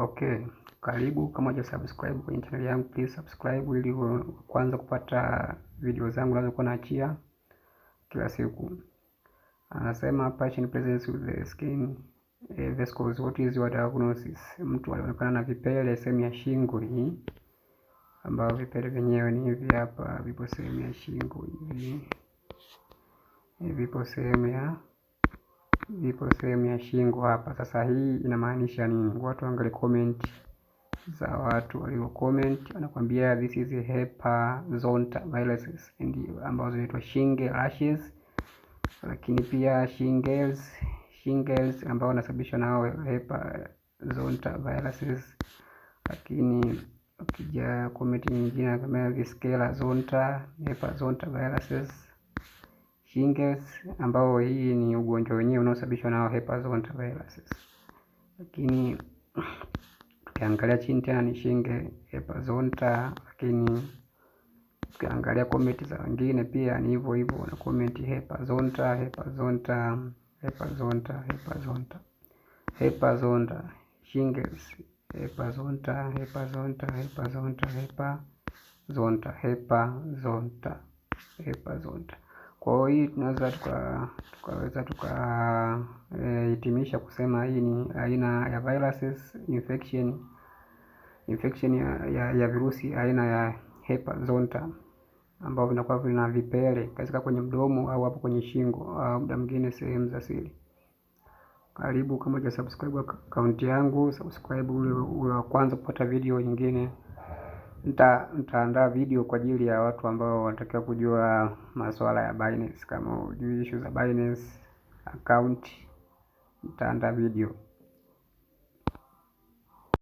Okay, karibu kama uja subscribe kwenye channel yangu, please subscribe ili kwanza kupata video zangu ninazokuwa naachia kila siku. Anasema hapa patient presence with the skin eh, vesicles, what is your diagnosis? Mtu alionekana na vipele sehemu ya shingo hii, ambao vipele vyenyewe ni hivi hapa, vipo sehemu ya shingo hii, eh, vipo sehemu ya shingo, iko sehemu ya shingo hapa. Sasa hii inamaanisha nini? Watu angalie comment za watu walio comment, anakuambia this is a hyperzonta viruses ambazo zinaitwa shingle rashes, lakini pia shingles shingles ambao wanasababishwa na hao hyperzonta viruses, lakini ukija comment nyingine kama viscera zonta, hyperzonta viruses shingles, ambao hii ni ugonjwa wenyewe unaosababishwa na herpes Lakini tukiangalia chini tena ni shinge herpes zoonter, lakini tukiangalia komenti za wengine pia ni hivyo hivyo, na komenti herpes zoonter, herpes zoonter, herpes zoonter, herpes zoonter, herpes zoonter, shingles, herpes zoonter, herpes zoonter, herpes zoonter, hepa zoonter, herpes zoonter, herpes zoonter. Kwa hii tunaweza tuka tukaweza tukahitimisha eh, e, kusema hii ni aina ya viruses infection infection ya, ya, ya virusi aina ya Hepazonta ambao vinakuwa vina vipele katika kwenye mdomo au hapo kwenye shingo au muda mwingine sehemu za siri. Karibu kama hujasubscribe akaunti yangu, subscribe ule wa kwanza kupata video nyingine nita nitaandaa video kwa ajili ya watu ambao wanatakiwa kujua masuala ya Binance. Kama ujui issue za Binance account, nitaandaa video.